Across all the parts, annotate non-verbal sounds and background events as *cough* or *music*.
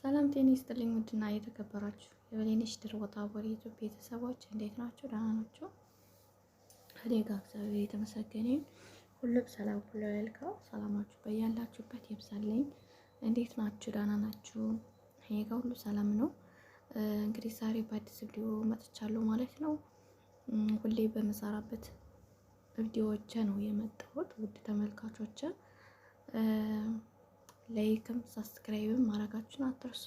ሰላም ጤና ይስጥልኝ። ውድና እየተከበራችሁ የበሌነሽ ድርቦታ ወሬ ዩቱብ ቤተሰቦች እንዴት ናችሁ? ደህና ናችሁ? እኔ ጋ እግዚአብሔር የተመሰገነ ሁሉም ሰላም ሁሉ ያልከው ሰላማችሁ በያላችሁበት ይብዛልኝ። እንዴት ናችሁ? ደህና ናችሁ? እኔ ጋ ሁሉ ሰላም ነው። እንግዲህ ዛሬ በአዲስ ቪዲዮ መጥቻለሁ ማለት ነው። ሁሌ በመሰራበት ቪዲዮዎቼ ነው የመጣሁት ውድ ተመልካቾቼ ላይክም ሳብስክራይብም ማድረጋችሁን አትርሱ።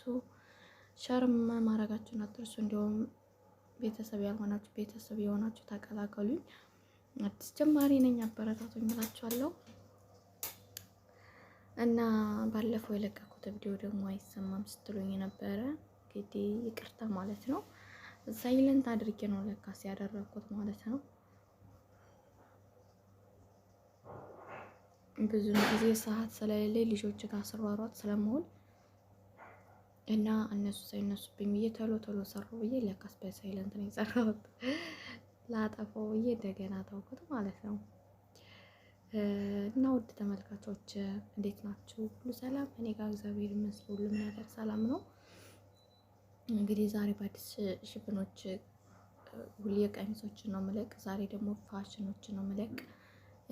ሸርም ማድረጋችሁን አትርሱ። እንዲሁም ቤተሰብ ያልሆናችሁ ቤተሰብ የሆናችሁ ተቀላቀሉኝ። አዲስ ጀማሪ ነኝ፣ አበረታቱኝ እላችኋለሁ። እና ባለፈው የለቀኩት ቪዲዮ ደግሞ አይሰማም ስትሉኝ ነበረ። እንግዲህ ይቅርታ ማለት ነው። ሳይለንት አድርጌ ነው ለካስ ያደረኩት ማለት ነው። ብዙ ጊዜ ሰዓት ስለሌለኝ ልጆች ጋር ስሯሯጥ ስለመሆን እና እነሱ ሳይነሱብኝ ብዬ ተሎ ቶሎ ሰራው ብዬ ለካስ በሳይለንት ነው የሰራሁት። ላጠፋው ብዬ እንደገና ተውኩት ማለት ነው። እና ውድ ተመልካቾች እንዴት ናችሁ? ሁሉ ሰላም? እኔ ጋር እግዚአብሔር ይመስገን ሁሉም ነገር ሰላም ነው። እንግዲህ ዛሬ በአዲስ ሽፍኖች ሁሌ ቀሚሶችን ነው ምለቅ። ዛሬ ደግሞ ፋሽኖችን ነው ምለቅ።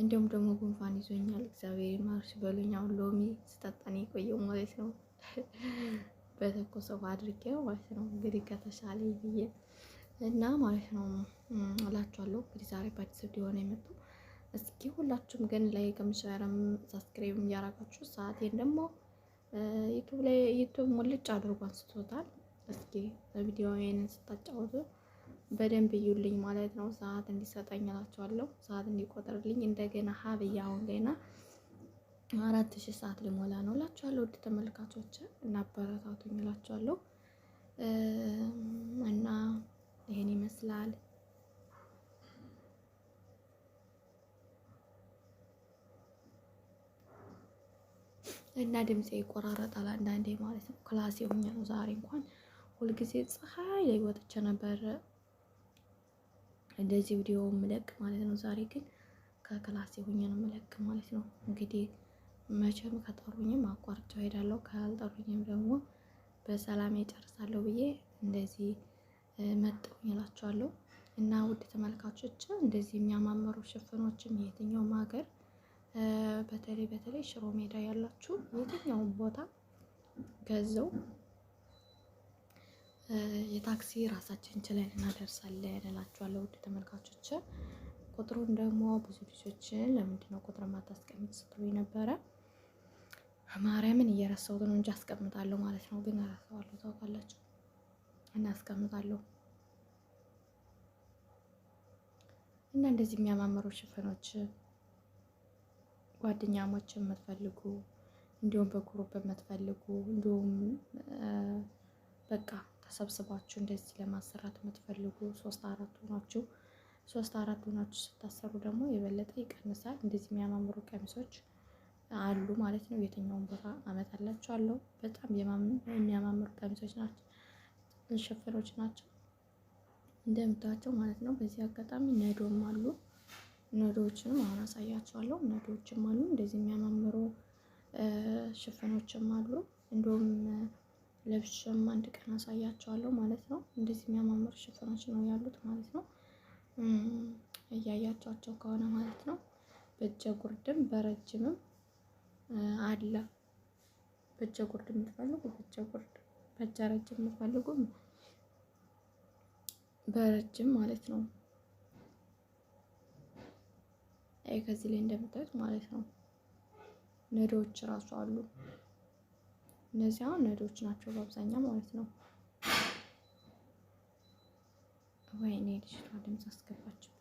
እንዲሁም ደግሞ ጉንፋን ይዞኛል። እግዚአብሔር ማርሽ በሉኝ። ሎሚ ስጠጣን የቆየው ማለት ነው *laughs* በተኮሰው አድርጌው ማለት ነው እንግዲህ ከተሻለ ብዬ እና ማለት ነው እላችኋለሁ። እንግዲህ ዛሬ በአዲስ ቪዲዮ ነው የመጣው። እስኪ ሁላችሁም ግን ላይ ከምሽራም ሳብስክራይብ እያረጋችሁ ሰዓቴን ደግሞ ዩቱብ ላይ ዩቱብ ሙልጭ አድርጎ አንስቶታል። እስኪ በቪዲዮ ይሄንን ስታጫወቱ በደንብ እዩልኝ ማለት ነው። ሰዓት እንዲሰጠኝ እላቸዋለሁ። ሰዓት እንዲቆጠርልኝ እንደገና ሀብዬ አሁን ገና አራት ሺህ ሰዓት ሊሞላ ነው እላቸዋለሁ። ውድ ተመልካቾች እናበረታቱኝ እላቸዋለሁ። እና ይሄን ይመስላል እና ድምፄ ይቆራረጣል አንዳንዴ ማለት ነው። ክላስ የሆኛ ነው ዛሬ እንኳን ሁልጊዜ ፀሐይ ላይ ወጥቼ ነበር። እንደዚህ ቪዲዮ ምለቅ ማለት ነው። ዛሬ ግን ከክላስ የሆኜ ነው ምለቅ ማለት ነው። እንግዲህ መቼም ከጠሩኝም አቋርጫው ሄዳለሁ፣ ካልጠሩኝም ደግሞ በሰላም የጨርሳለሁ ብዬ እንደዚህ መጠው እላችኋለሁ። እና ውድ ተመልካቾች እንደዚህ የሚያማምሩ ሽፍኖችም የትኛውም ሀገር በተለይ በተለይ ሽሮ ሜዳ ያላችሁ የትኛውም ቦታ ገዘው የታክሲ ራሳችን ችለን እናደርሳለን እላችኋለሁ ውድ ተመልካቾች። ቁጥሩን ደግሞ ብዙ ልጆችን ለምንድነው ቁጥር ማታስቀምጥ ስትሉ ነበረ። ማርያምን እየረሳሁት ነው እንጂ አስቀምጣለሁ ማለት ነው። ግን እረሳዋለሁ፣ ታውቃላችሁ እና አስቀምጣለሁ እና እንደዚህ የሚያማምሩ ሽፍኖች ጓደኛሞች የምትፈልጉ እንዲሁም በኩሩ የምትፈልጉ እንዲሁም በቃ ተሰብስባችሁ እንደዚህ ለማሰራት የምትፈልጉ ሶስት አራት ሆናችሁ ሶስት አራት ሆናችሁ ስታሰሩ ደግሞ የበለጠ ይቀንሳል። እንደዚህ የሚያማምሩ ቀሚሶች አሉ ማለት ነው። የትኛውን ቦታ አመጣላችኋለሁ። በጣም የሚያማምሩ ቀሚሶች ናቸው፣ ሸፈኖች ናቸው እንደምታቸው ማለት ነው። በዚህ አጋጣሚ ነዶም አሉ። ነዶዎችንም አሁን አሳያችኋለሁ። ነዶዎችም አሉ እንደዚህ የሚያማምሩ ሽፍኖችም አሉ እንዲሁም ለብሽም አንድ ቀን አሳያቸዋለሁ ማለት ነው። እንደዚህ የሚያማምር ሽፎኖች ነው ያሉት ማለት ነው። እያያቸዋቸው ከሆነ ማለት ነው። በእጀ ጉርድም በረጅምም አለ። በእጀ ጉርድ የምትፈልጉ በእጀ ጉርድ፣ በእጀ ረጅም የምትፈልጉ በረጅም ማለት ነው። ከዚህ ላይ እንደምታዩት ማለት ነው። ነዶዎች እራሱ አሉ። እነዚያ ነዶች ናቸው በአብዛኛው ማለት ነው። ወይኔ ልጅቷ ድምፅ አስገባችው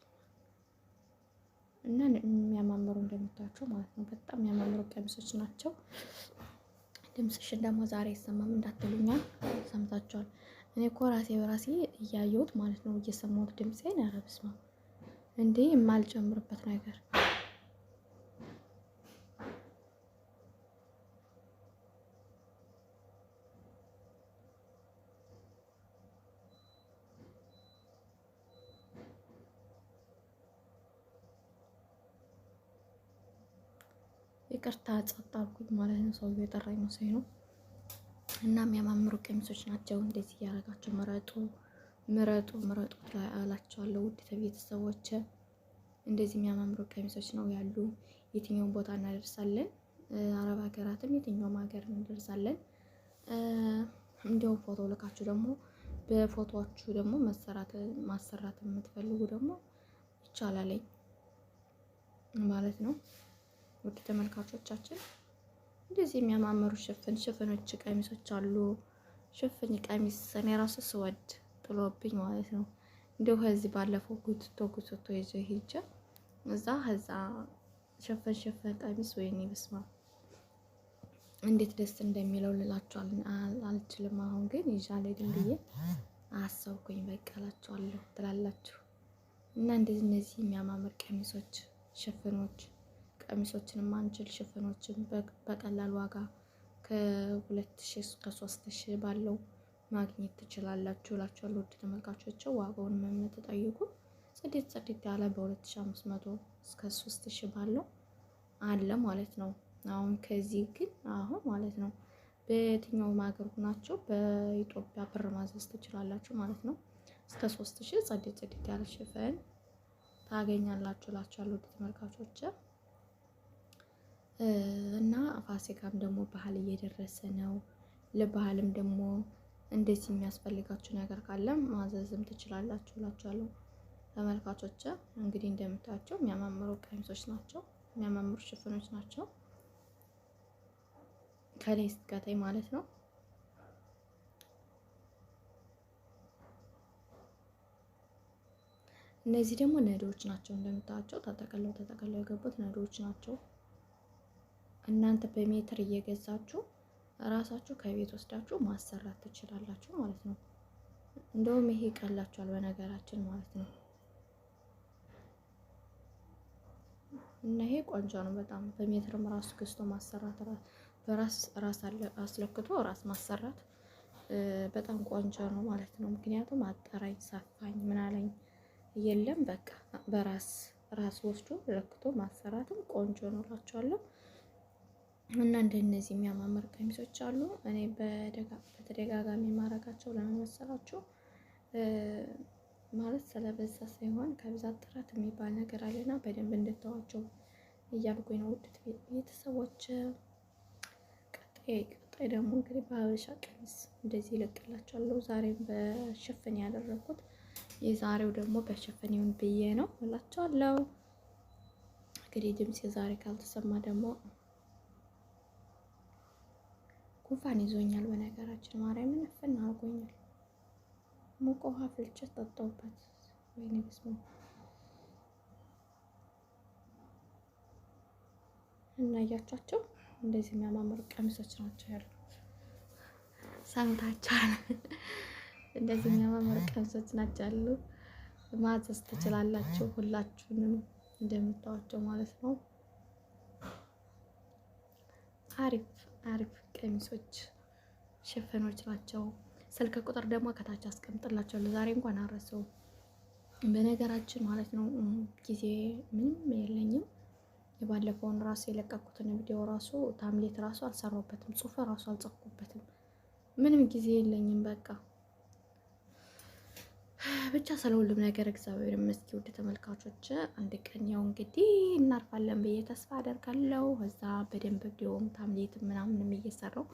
እና የሚያማምሩ እንደምታቸው ማለት ነው። በጣም የሚያማምሩ ቀሚሶች ናቸው። ድምፅሽን ደግሞ ዛሬ አይሰማም እንዳትሉኛል። ሰምታችኋል። እኔ እኮ ራሴ በራሴ እያየሁት ማለት ነው፣ እየሰማሁት ድምፄን። ኧረ በስመ አብ እንዴ! የማልጨምርበት ነገር ይቅርታ ጸጥ አልኩኝ ማለት ነው። ሰውዬው የጠራኝ ነው። እና የሚያማምሩ ቀሚሶች ናቸው። እንደዚህ እያደረጋቸው ምረጡ ምረጡ ምረጡ አላቸዋለሁ። ውድ ቤተሰቦች እንደዚህ የሚያማምሩ ቀሚሶች ነው ያሉ። የትኛውን ቦታ እናደርሳለን። አረብ ሀገራትም የትኛውም ሀገር እንደርሳለን። እንዲሁም ፎቶ ልካችሁ ደግሞ በፎቶችሁ ደግሞ መሰራት ማሰራት የምትፈልጉ ደግሞ ይቻላለኝ ማለት ነው። ውድ ተመልካቾቻችን እንደዚህ የሚያማምሩ ሽፍን ሽፍኖች ቀሚሶች አሉ። ሽፍን ቀሚስ እኔ ራሱ ስወድ ጥሎብኝ ማለት ነው። እንዲሁ ከዚህ ባለፈው ጉትቶ ጉትቶ ይዞ ሄጀ እዛ ከዛ ሽፍን ሽፍን ቀሚስ ወይኔ በስማ እንዴት ደስ እንደሚለው ልላቸዋል አልችልም። አሁን ግን ይዣለ ድንብዬ አሰብኩኝ በቃ እላችኋለሁ ትላላችሁ እና እንደዚህ እነዚህ የሚያማምር ቀሚሶች ሽፍኖች ቀሚሶችን አንችል ሽፍኖችን በቀላል ዋጋ ከሁለት ሺህ እስከ ሶስት ሺህ ባለው ማግኘት ትችላላችሁ እላችኋለሁ። ውድ ተመልካቾች ዋጋውን የምትጠይቁ ጽዴት ጽዴት ያለ በ2500 እስከ 3000 ባለው አለ ማለት ነው። አሁን ከዚህ ግን አሁን ማለት ነው በየትኛውም ሀገር ሆናችሁ በኢትዮጵያ ብር ማዘዝ ትችላላችሁ ማለት ነው። እስከ 3000 ጽድት ጽድት ያለ ታገኛላችሁ እላችኋለሁ። ውድ ተመልካቾች እና ፋሲካም ደግሞ ባህል እየደረሰ ነው። ለባህልም ደግሞ እንደዚህ የሚያስፈልጋችሁ ነገር ካለ ማዘዝም ትችላላችሁ እላችኋለሁ። ተመልካቾች እንግዲህ እንደምታያቸው የሚያማምሩ ቀሚሶች ናቸው፣ የሚያማምሩ ሽፍኖች ናቸው። ከላይ ስትቀታይ ማለት ነው። እነዚህ ደግሞ ነዶዎች ናቸው። እንደምታያቸው ተጠቅለው ተጠቅለው የገቡት ነዶዎች ናቸው። እናንተ በሜትር እየገዛችሁ ራሳችሁ ከቤት ወስዳችሁ ማሰራት ትችላላችሁ ማለት ነው። እንደውም ይሄ ይቀላችኋል በነገራችን ማለት ነው። እና ይሄ ቆንጆ ነው በጣም በሜትርም ራሱ ገዝቶ ማሰራት በራስ ራስ አስለክቶ ራስ ማሰራት በጣም ቆንጆ ነው ማለት ነው። ምክንያቱም አጠራኝ ሰፋኝ ምናለኝ የለም በቃ በራስ ራስ ወስዶ ለክቶ ማሰራትም ቆንጆ ነው እላቸዋለሁ። እና እንደነዚህ የሚያማምር ቀሚሶች አሉ። እኔ በተደጋጋሚ ማረጋቸው ለመመሰላችሁ ማለት ስለበዛ ሳይሆን ከብዛት ጥራት የሚባል ነገር አለና በደንብ እንድታዋቸው እያልኩኝ ነው። ውድት ቤተሰቦች ቀጣይ ቀጣይ ደግሞ እንግዲህ በሀበሻ ቀሚስ እንደዚህ ይለቅላቸዋለሁ። ዛሬም በሸፈን ያደረግኩት የዛሬው ደግሞ በሸፈን ይሁን ብዬ ነው እላቸዋለሁ። እንግዲህ ድምፅ የዛሬ ካልተሰማ ደግሞ ጉንፋን ይዞኛል። በነገራችን ማርያምን እፍን አርጎኛል ሙቅ ውሃ ፍልጭ ጠጣሁበት። ወይኔ በስመ እና እያቻቸው እንደዚህ የሚያማምሩ ቀሚሶች ናቸው ያሉ ሰምታችኋል። እንደዚህ የሚያማምሩ ቀሚሶች ናቸው ያሉ ማዘዝ ትችላላችሁ ሁላችሁንም እንደምታዋቸው ማለት ነው። አሪፍ አሪፍ ቀሚሶች ሽፍኖች ናቸው። ስልክ ቁጥር ደግሞ ከታች አስቀምጥላቸዋለሁ። ዛሬ እንኳን አረሰው በነገራችን ማለት ነው ጊዜ ምንም የለኝም። የባለፈውን ራሱ የለቀኩትን ቪዲዮ ራሱ ታምሌት ራሱ አልሰራሁበትም፣ ጽሁፍ ራሱ አልጸፍኩበትም። ምንም ጊዜ የለኝም በቃ ብቻ ስለ ሁሉም ነገር እግዚአብሔር ይመስገን። ውድ ተመልካቾች አንድ ቀን ያው እንግዲህ እናርፋለን ብዬ ተስፋ አደርጋለሁ። እዛ በደንብ ቢሆን ታምሌት ምናምንም እየሰራው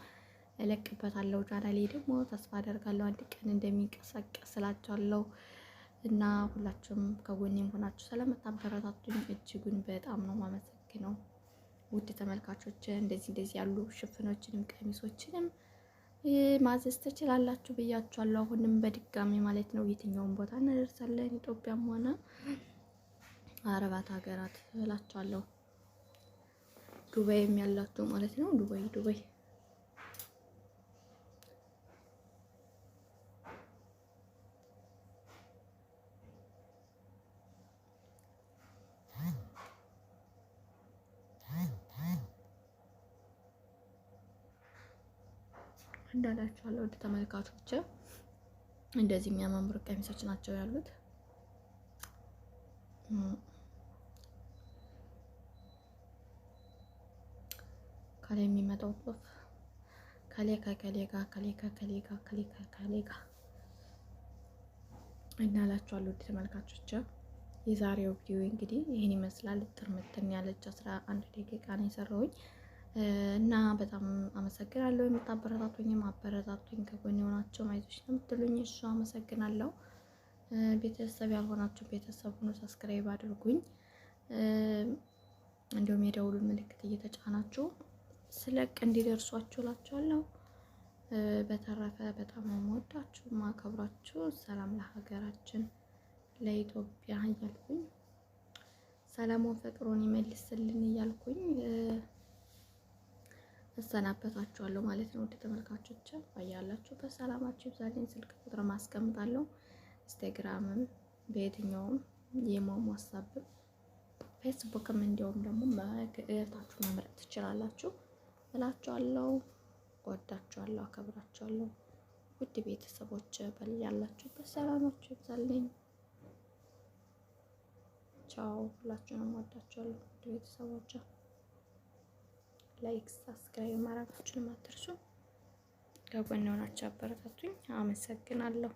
እለቅበታለሁ። ቻናሌ ደግሞ ተስፋ አደርጋለሁ አንድ ቀን እንደሚንቀሳቀስ ስላቸዋለሁ እና ሁላችሁም ከጎኔም ሆናችሁ ስለምታበረታቱኝ እጅጉን በጣም ነው ማመሰግነው። ውድ ተመልካቾች እንደዚህ እንደዚህ ያሉ ሽፍኖችንም ቀሚሶችንም ማዘዝ ትችላላችሁ ብያችኋለሁ። አሁንም በድጋሚ ማለት ነው የትኛውን ቦታ እንደርሳለን ኢትዮጵያም ሆነ አረባት ሀገራት እላችኋለሁ። ዱባይም ያላችሁ ማለት ነው ዱባይ ዱባይ እንዳላችኋለሁ ወደ ተመልካቾች እንደዚህ የሚያማምሩ ቀሚሶች ናቸው ያሉት። ከላይ የሚመጣው ጽሑፍ ከሌ ከከሌ ጋር ከሌ ከከሌ ጋር ከሌ ከከሌ ጋር እናላችኋለሁ ውድ ተመልካቾች። የዛሬው ቪዲዮ እንግዲህ ይህን ይመስላል። ጥርምትን ያለች አስራ አንድ ደቂቃ ነው የሰራሁኝ። እና በጣም አመሰግናለሁ የምታበረታቱኝ ማበረታቱኝ ከጎን የሆናቸው አይዞሽ ለምትሉኝ እሱ አመሰግናለሁ። ቤተሰብ ያልሆናችሁ ቤተሰብ ሁኑ፣ ሰብስክራይብ አድርጉኝ፣ እንዲሁም የደውሉ ምልክት እየተጫናችሁ ስለቅ እንዲደርሷችሁ እላችኋለሁ። በተረፈ በጣም የምወዳችሁ ማከብራችሁ፣ ሰላም ለሀገራችን ለኢትዮጵያ እያልኩኝ ሰላሙን ፍቅሩን ይመልስልን እያልኩኝ እሰናበታችኋለሁ ማለት ነው። ውድ ተመልካቾች ባያላችሁበት ሰላማችሁ ይብዛልኝ። ስልክ ቁጥር ማስቀምጣለሁ። ኢንስታግራምም፣ በየትኛውም የሞም ሀሳብም፣ ፌስቡክም እንዲሁም ደግሞ መግቢያታችሁ መምረጥ ትችላላችሁ። እላችኋለሁ። ወዳችኋለሁ፣ አከብራችኋለሁ። ውድ ቤተሰቦች ባያላችሁበት በሰላማችሁ ይብዛልኝ። ቻው ሁላችሁንም ወዳችኋለሁ ውድ ቤተሰቦች። ላይክ፣ ሳብስክራይብ ማድረጋችሁንም አትርሱ። ከጎን ሆናችሁ አበረታቱኝ። አመሰግናለሁ።